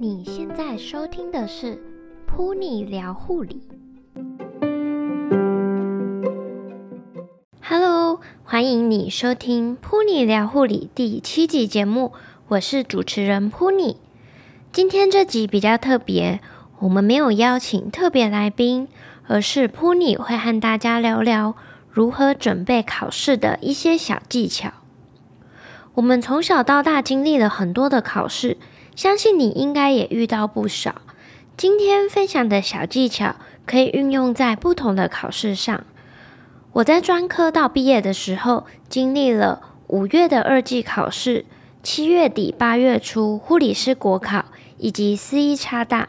你現在收聽的是《噗妮聊護理》。Hello，歡迎你收聽《噗妮聊護理》第七集節目。我是主持人 Puni。今天這集比較特別，我們沒有邀請特別來賓，而是 Puni 會和大家聊聊如何準備考試的一些小技巧。我們從小到大經歷了很多的考試，相信你應該也遇到不少。今天分享的小技巧可以運用在不同的考試上。我在專科到畢業的時候，經歷了五月的二技考試、七月底八月初護理師國考以及私醫插大，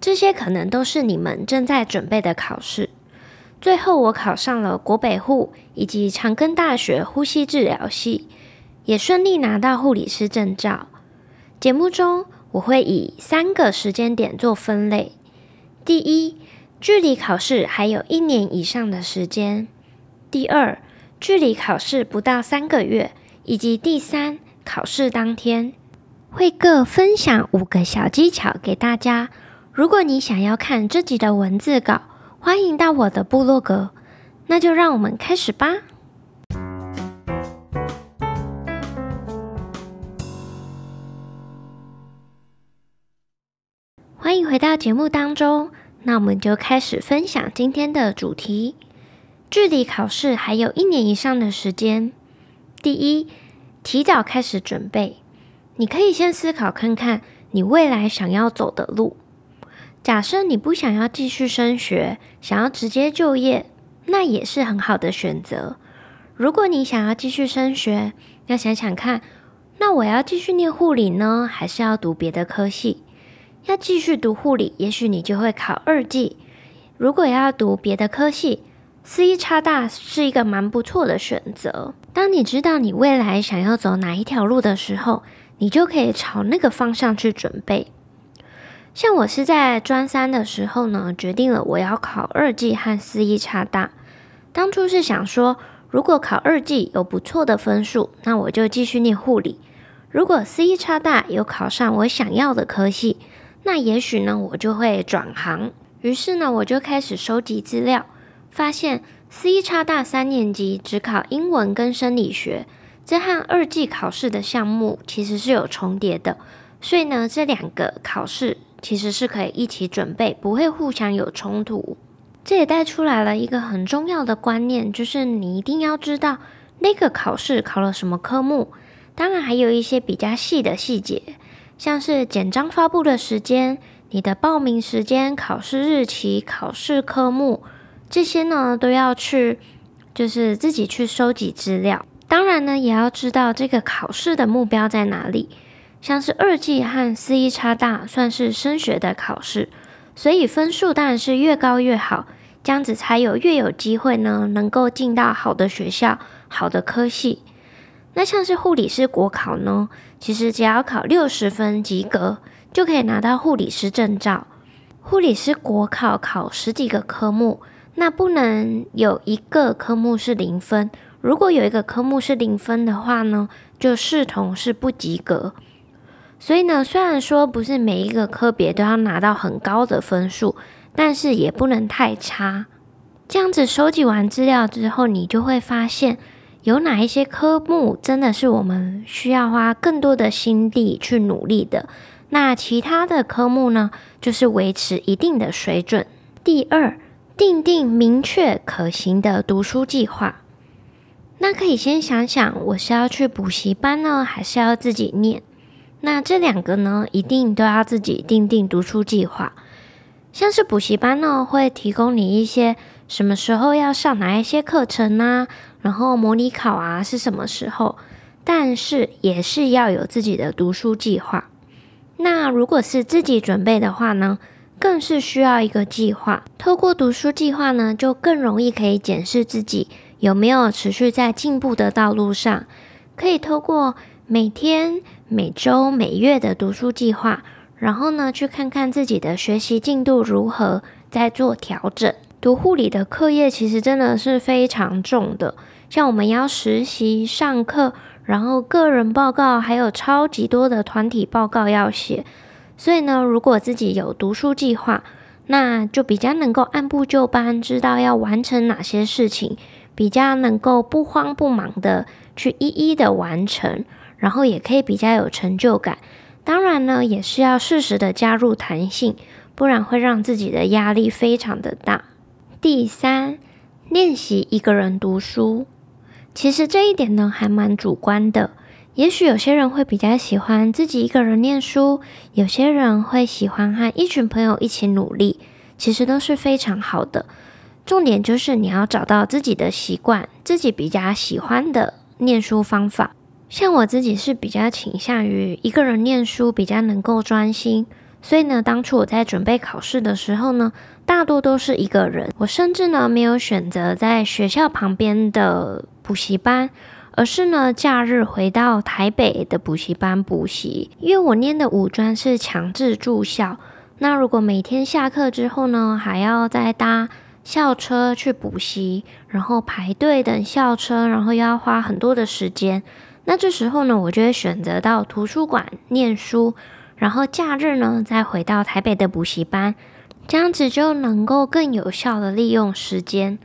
這些可能都是你們正在準備的考試。最後，我考上了國北護以及長庚大學呼吸治療系。也順利拿到護理師證照。節目中，我會以三個時間點做分類：第一，距離考試還有一年以上的時間；第二，距離考試不到三個月；以及第三，考試當天，會各分享五個小技巧給大家。如果你想要看這集的文字稿，歡迎到我的部落格。那就讓我們開始吧。歡迎回到節目當中，那我們就開始分享今天的主題。距離考試還有一年以上的時間，第一，提早開始準備。你可以先思考看看你未來想要走的路。假設你不想要繼續升學，想要直接就業，那也是很好的選擇。如果你想要繼續升學，要想想看，那我要繼續念護理呢，還是要讀別的科系？要繼續讀護理，也許你就會考二技。如果要讀別的科系，私醫插大是一個蠻不錯的選擇。當你知道你未來想要走哪一條路的時候，你就可以朝那個方向去準備。像我是在專三的時候呢，決定了我要考二技和私醫插大。當初是想說，如果考二技有不錯的分數，那我就繼續念護理；如果私醫插大有考上我想要的科系，那也許呢，我就會轉行。於是呢，我就開始收集資料，發現私醫插大三年級只考英文跟生理學，這和二技考試的項目其實是有重疊的。所以呢，這兩個考試其實是可以一起準備，不會互相有衝突。這也帶出來了一個很重要的觀念，就是你一定要知道那個考試考了什麼科目，當然還有一些比較細的細節。像是簡章發佈的時間、你的報名時間、考試日期、考試科目，這些呢都要去，就是自己去收集資料。當然呢，也要知道這個考試的目標在哪裡。像是二技和私醫插大，算是升學的考試，所以分數當然是越高越好，這樣子才有越有機會呢，能夠進到好的學校、好的科系。那像是護理師國考呢？其實只要考六十分及格，就可以拿到護理師證照。護理師國考考十幾個科目，那不能有一個科目是零分。如果有一個科目是零分的話呢，就視同是不及格。所以呢，雖然說不是每一個科別都要拿到很高的分數，但是也不能太差。這樣子收集完資料之後，你就會發現，有哪一些科目真的是我們需要花更多的心力去努力的？那其他的科目呢，就是維持一定的水準。第二，訂定明確可行的讀書計劃。那可以先想想，我是要去補習班呢，還是要自己念？那這兩個呢，一定都要自己訂定讀書計劃。像是補習班呢，會提供你一些什麼時候要上哪一些課程啊。然後模擬考啊是什麼時候？但是也是要有自己的讀書計劃。那如果是自己準備的話呢，更是需要一個計劃。透過讀書計劃呢，就更容易可以檢視自己有沒有持續在進步的道路上。可以透過每天、每週、每月的讀書計劃，然後呢去看看自己的學習進度如何，再做調整。讀護理的課業其實真的是非常重的，像我們要實習、上課，然後個人報告，還有超級多的團體報告要寫。所以呢，如果自己有讀書計劃，那就比較能夠按部就班，知道要完成哪些事情，比較能夠不慌不忙的去一一的完成，然後也可以比較有成就感。當然呢，也是要適時的加入彈性，不然會讓自己的壓力非常的大。第三，練習一個人讀書。其實這一點呢，還蠻主觀的。也許有些人會比較喜歡自己一個人念書，有些人會喜歡和一群朋友一起努力。其實都是非常好的。重點就是你要找到自己的習慣，自己比較喜歡的念書方法。像我自己是比較傾向於一個人念書，比較能夠專心。所以呢，當初我在準備考試的時候呢，大多都是一個人。我甚至呢沒有選擇在學校旁邊的補習班，而是呢假日回到台北的補習班補習，因為我念的五專是強制住校。那如果每天下課之後呢，還要再搭校車去補習，然後排隊等校車，然後又要花很多的時間。那這時候呢，我就會選擇到圖書館念書。然後假日呢，再回到台北的補習班，這樣子就能夠更有效的利用時間。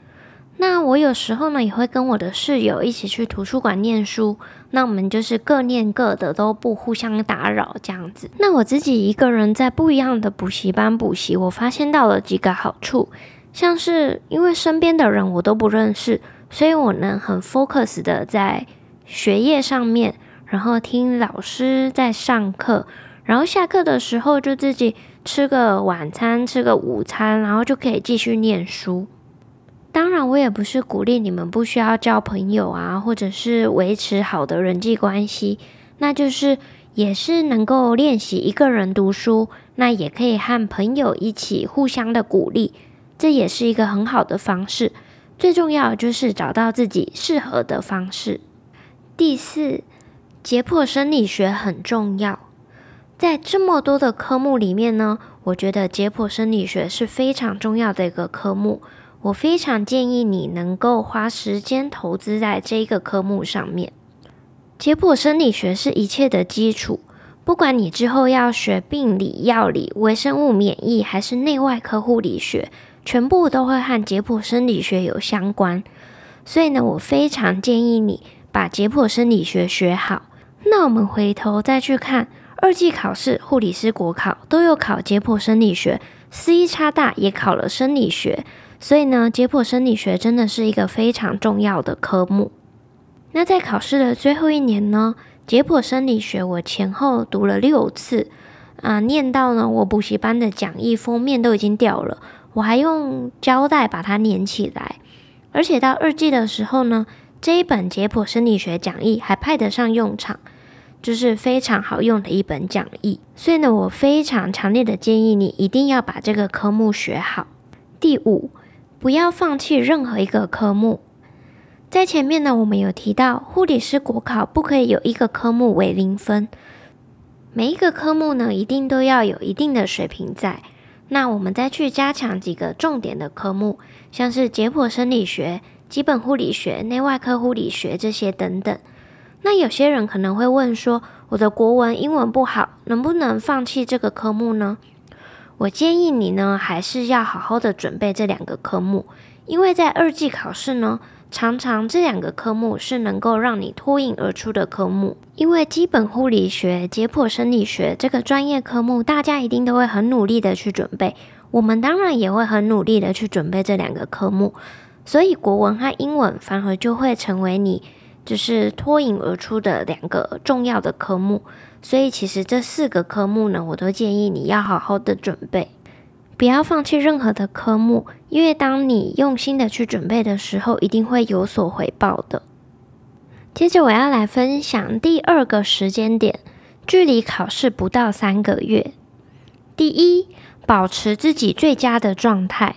那我有時候呢，也會跟我的室友一起去圖書館念書，那我們就是各念各的，都不互相打擾，這樣子。那我自己一個人在不一樣的補習班補習，我發現到了幾個好處，像是因為身邊的人我都不認識，所以我能很 focus 的在學業上面，然後聽老師在上課。然後下課的時候就自己吃個晚餐，吃個午餐，然後就可以繼續念書。當然，我也不是鼓勵你們不需要交朋友啊，或者是維持好的人際關係，那就是也是能夠練習一個人讀書，那也可以和朋友一起互相的鼓勵，這也是一個很好的方式。最重要的就是找到自己適合的方式。第四，解剖生理學很重要。在這麼多的科目裡面呢，我覺得解剖生理學是非常重要的一個科目。我非常建議你能夠花時間投資在這個科目上面。解剖生理學是一切的基礎，不管你之後要學病理、藥理、微生物、免疫，還是內外科護理學，全部都會和解剖生理學有相關。所以呢，我非常建議你把解剖生理學學好。那我們回頭再去看。二技考試護理師國考都有考解剖生理學，私醫插大也考了生理學，所以呢，解剖生理學真的是一個非常重要的科目。那在考試的最後一年呢，解剖生理學我前後讀了六次，啊、呃，念到呢，我補習班的講義封面都已經掉了，我還用膠帶把它粘起來。而且到二技的時候呢，這一本解剖生理學講義還派得上用場。這是非常好用的一本講義，所以呢，我非常強烈的建議你一定要把這個科目學好。第五，不要放棄任何一個科目。在前面呢，我們有提到，護理師國考不可以有一個科目為零分，每一個科目呢，一定都要有一定的水平在。那我們再去加強幾個重點的科目，像是解剖生理學、基本護理學、內外科護理學這些等等。那有些人可能會問說，我的國文、英文不好，能不能放棄這個科目呢？我建議你呢，還是要好好的準備這兩個科目，因為在二技考試呢，常常這兩個科目是能夠讓你脫穎而出的科目。因為基本護理學、解剖生理學這個專業科目，大家一定都會很努力的去準備，我們當然也會很努力的去準備這兩個科目，所以國文和英文反而就會成為你。就是脫穎而出的兩個重要的科目，所以其實這四個科目呢，我都建議你要好好的準備，不要放棄任何的科目，因為當你用心的去準備的時候，一定會有所回報的。接着我要來分享第二個時間點，距離考試不到三個月。第一，保持自己最佳的狀態。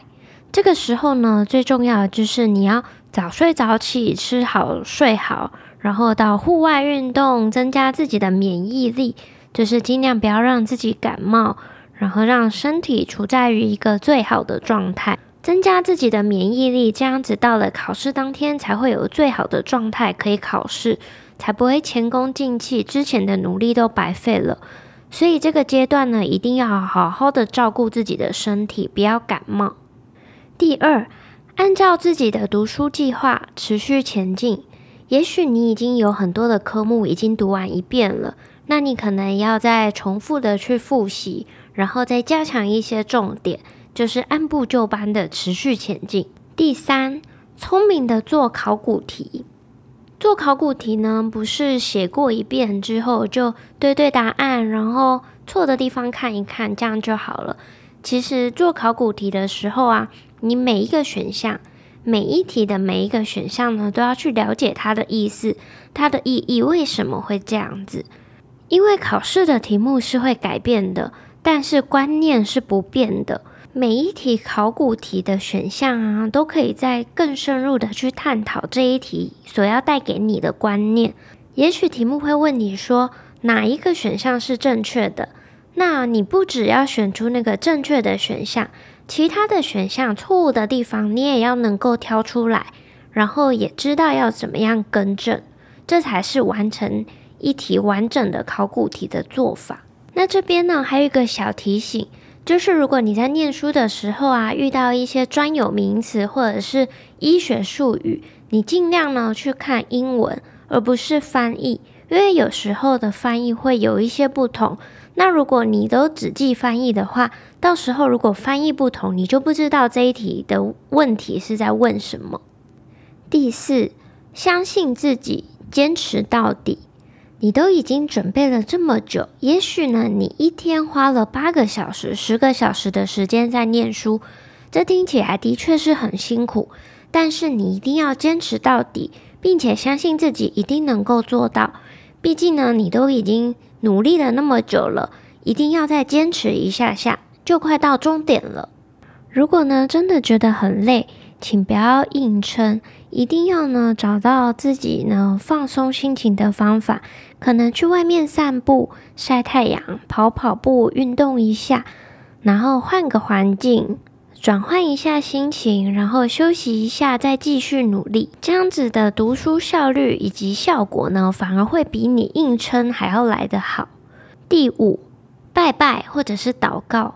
這個時候呢，最重要的就是你要早睡早起，吃好睡好，然後到戶外運動，增加自己的免疫力，就是盡量不要讓自己感冒，然後讓身體處在於一個最好的狀態，增加自己的免疫力，這樣子到了考試當天才會有最好的狀態可以考試，才不會前功盡棄，之前的努力都白費了。所以這個階段呢，一定要好好的照顧自己的身體，不要感冒。第二，按照自己的讀書計劃持續前進，也許你已經有很多的科目已經讀完一遍了，那你可能要再重複的去複習，然後再加強一些重點，就是按部就班的持續前進。第三，聰明的做考古題，做考古題呢，不是寫過一遍之後就對對答案，然後錯的地方看一看，這樣就好了。其實做考古題的時候啊，你每一個選項，每一題的每一個選項呢，都要去了解它的意思，它的意義為什麼會這樣子？因為考試的題目是會改變的，但是觀念是不變的。每一題考古題的選項啊，都可以再更深入的去探討這一題所要帶給你的觀念。也許題目會問你說哪一個選項是正確的，那你不只要選出那個正確的選項。其他的選項錯誤的地方，你也要能夠挑出來，然後也知道要怎麼樣更正，這才是完成一題完整的考古題的做法。那這邊呢，還有一個小提醒，就是如果你在念書的時候啊，遇到一些專有名詞或者是醫學術語，你盡量呢去看英文，而不是翻譯，因為有時候的翻譯會有一些不同。那如果你都只記翻譯的話，到時候如果翻譯不同，你就不知道這一題的問題是在問什麼。第四，相信自己，堅持到底。你都已經準備了這麼久，也許呢，你一天花了八個小時、十個小時的時間在念書，這聽起來的確是很辛苦，但是你一定要堅持到底，並且相信自己一定能夠做到。畢竟呢，你都已經，努力了那麼久了，一定要再堅持一下下，就快到終點了。如果呢，真的覺得很累，請不要硬撐，一定要呢，找到自己呢，放鬆心情的方法，可能去外面散步、曬太陽、跑跑步、運動一下，然後換個環境。轉換一下心情，然後休息一下，再繼續努力。這樣子的讀書效率以及效果呢，反而會比你硬撐還要來得好。第五，拜拜或者是禱告。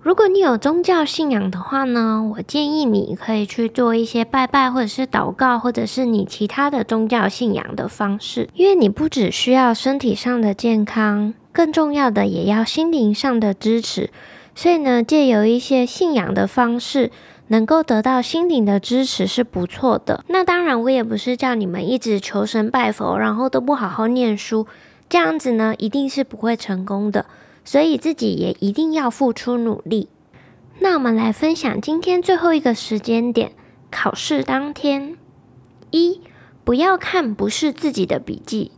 如果你有宗教信仰的話呢，我建議你可以去做一些拜拜或者是禱告，或者是你其他的宗教信仰的方式。因為你不只需要身體上的健康，更重要的也要心靈上的支持。所以呢，借由一些信仰的方式，能夠得到心靈的支持是不錯的。那當然，我也不是叫你們一直求神拜佛，然後都不好好念書，這樣子呢，一定是不會成功的。所以自己也一定要付出努力。那我們來分享今天最後一個時間點，考試當天。一，不要看不是自己的筆記。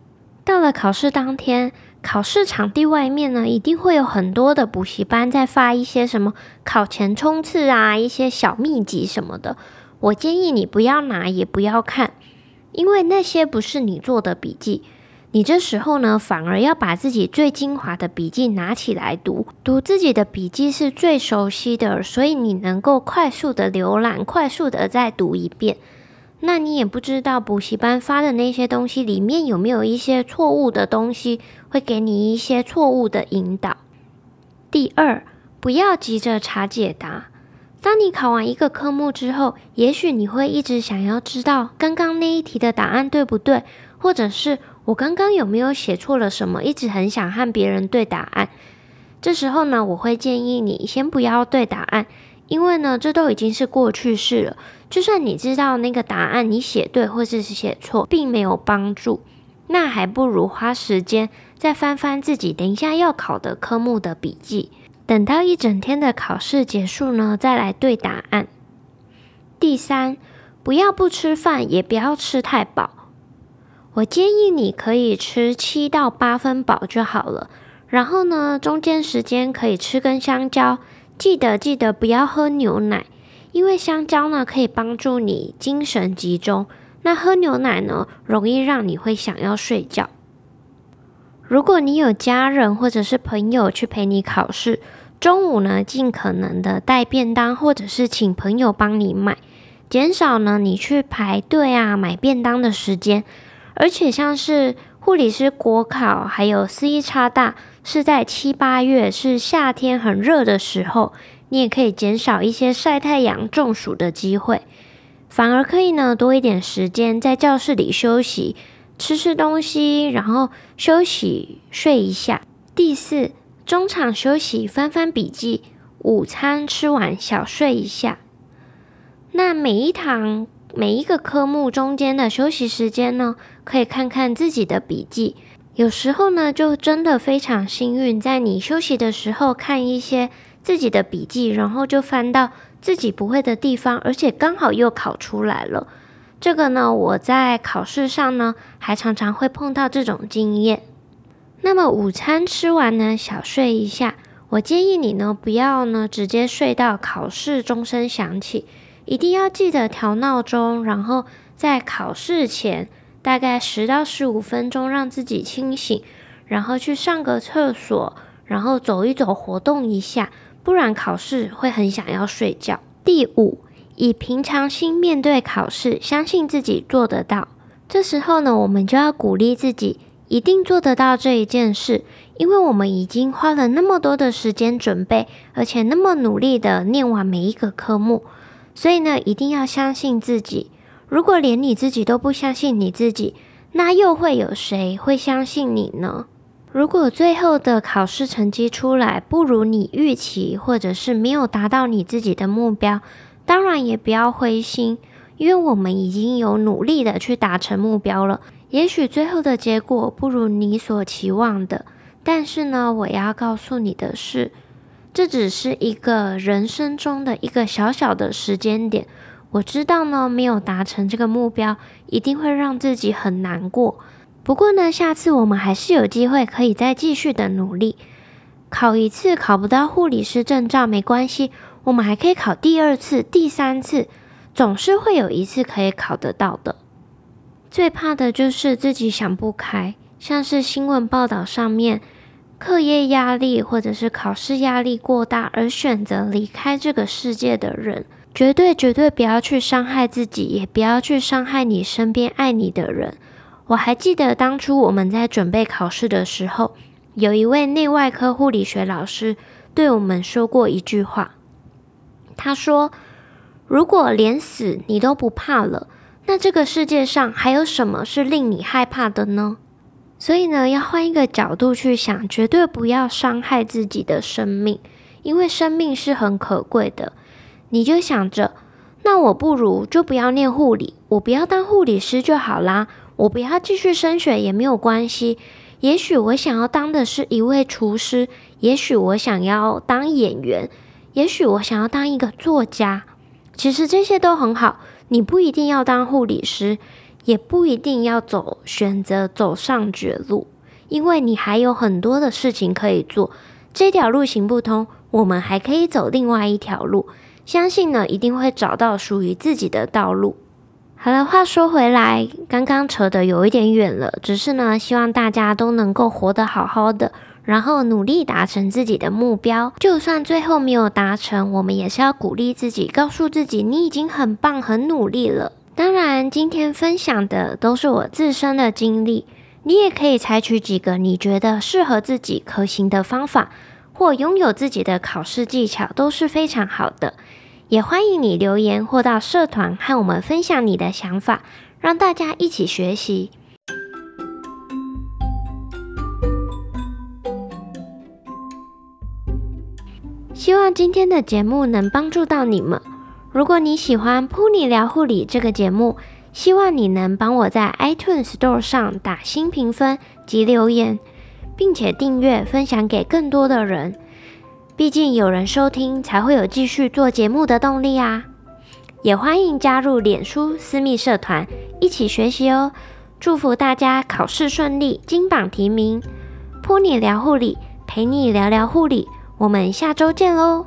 到了考試當天，考試場地外面呢，一定會有很多的補習班在發一些什麼考前衝刺啊，一些小秘籍什麼的。我建議你不要拿，也不要看，因為那些不是你做的筆記。你這時候呢，反而要把自己最精華的筆記拿起來讀，讀自己的筆記是最熟悉的，所以你能夠快速的瀏覽，快速的再讀一遍。那你也不知道補習班發的那些東西裡面有沒有一些錯誤的東西，會給你一些錯誤的引導。第二，不要急着查解答。當你考完一個科目之後，也許你會一直想要知道剛剛那一題的答案對不對，或者是我剛剛有沒有寫錯了什麼，一直很想和別人對答案。這時候呢，我會建議你先不要對答案，因為呢，這都已經是過去式了。就算你知道那個答案，你寫對或是寫錯，並沒有幫助，那還不如花時間再翻翻自己等一下要考的科目的筆記。等到一整天的考試結束呢，再來對答案。第三，不要不吃飯，也不要吃太飽。我建議你可以吃七到八分飽就好了。然後呢，中間時間可以吃根香蕉。記得記得不要喝牛奶。因為香蕉呢，可以幫助你精神集中，那喝牛奶呢，容易讓你會想要睡覺。如果你有家人或者是朋友去陪你考試，中午呢，盡可能的帶便當，或者是請朋友幫你買，減少呢你去排隊啊買便當的時間。而且像是護理師國考，還有私醫插大，是在七八月，是夏天很熱的時候，你也可以減少一些曬太陽中暑的機會，反而可以呢多一點時間在教室裡休息，吃吃東西，然後休息睡一下。第四，中場休息翻翻筆記，午餐吃完小睡一下。那每一堂每一個科目中間的休息時間呢，可以看看自己的筆記。有時候呢，就真的非常幸運，在你休息的時候看一些，自己的筆記，然後就翻到自己不會的地方，而且剛好又考出來了。這個呢，我在考試上呢，還常常會碰到這種經驗。那麼午餐吃完呢，小睡一下。我建議你呢，不要呢直接睡到考試鐘聲響起，一定要記得調鬧鐘，然後在考試前大概十到十五分鐘讓自己清醒，然後去上個廁所，然後走一走，活動一下。不然考試會很想要睡覺。第五，以平常心面對考試，相信自己做得到。這時候呢，我們就要鼓勵自己，一定做得到這一件事，因為我們已經花了那麼多的時間準備，而且那麼努力的念完每一個科目，所以呢，一定要相信自己。如果連你自己都不相信你自己，那又會有誰會相信你呢？如果最後的考試成績出來不如你預期，或者是沒有達到你自己的目標，當然也不要灰心，因為我們已經有努力的去達成目標了。也許最後的結果不如你所期望的，但是呢，我要告訴你的是，這只是一個人生中的一個小小的時間點。我知道呢，沒有達成這個目標，一定會讓自己很難過。不過呢，下次我們還是有機會可以再繼續的努力。考一次考不到護理師證照沒關係，我們還可以考第二次、第三次，總是會有一次可以考得到的。最怕的就是自己想不開，像是新聞報道上面，課業壓力或者是考試壓力過大而選擇離開這個世界的人，絕對絕對不要去傷害自己，也不要去傷害你身邊愛你的人。我還記得當初我們在準備考試的時候，有一位內外科護理學老師對我們說過一句話。他說：“如果連死你都不怕了，那這個世界上還有什麼是令你害怕的呢？”所以呢，要換一個角度去想，絕對不要傷害自己的生命，因為生命是很可貴的。你就想着，那我不如就不要念護理，我不要當護理師就好啦。我不要繼續升學也沒有關係，也許我想要當的是一位廚師，也許我想要當演員，也許我想要當一個作家，其實這些都很好。你不一定要當護理師，也不一定要走選擇走上絕路，因為你還有很多的事情，可以做。這條路行不通，我們還可以走另外一條路，相信呢，一定會找到屬於自己的道路。好了，話說回來，剛剛扯得有一點遠了。只是呢，希望大家都能夠活得好好的，然後努力達成自己的目標。就算最後沒有達成，我們也是要鼓勵自己，告訴自己你已經很棒、很努力了。當然，今天分享的都是我自身的經歷，你也可以採取幾個你覺得適合自己、可行的方法，或擁有自己的考試技巧，都是非常好的。也歡迎你留言或到社團和我們分享你的想法，讓大家一起學習。希望今天的節目能幫助到你們。如果你喜歡《噗妮聊護理》這個節目，希望你能幫我在 iTunes Store 上打新評分及留言，並且訂閱、分享給更多的人。畢竟有人收聽，才會有繼續做節目的動力啊！也歡迎加入臉書私密社團，一起學習哦！祝福大家考試順利，金榜題名！噗妮聊護理，陪你聊聊護理，我們下周見嘍！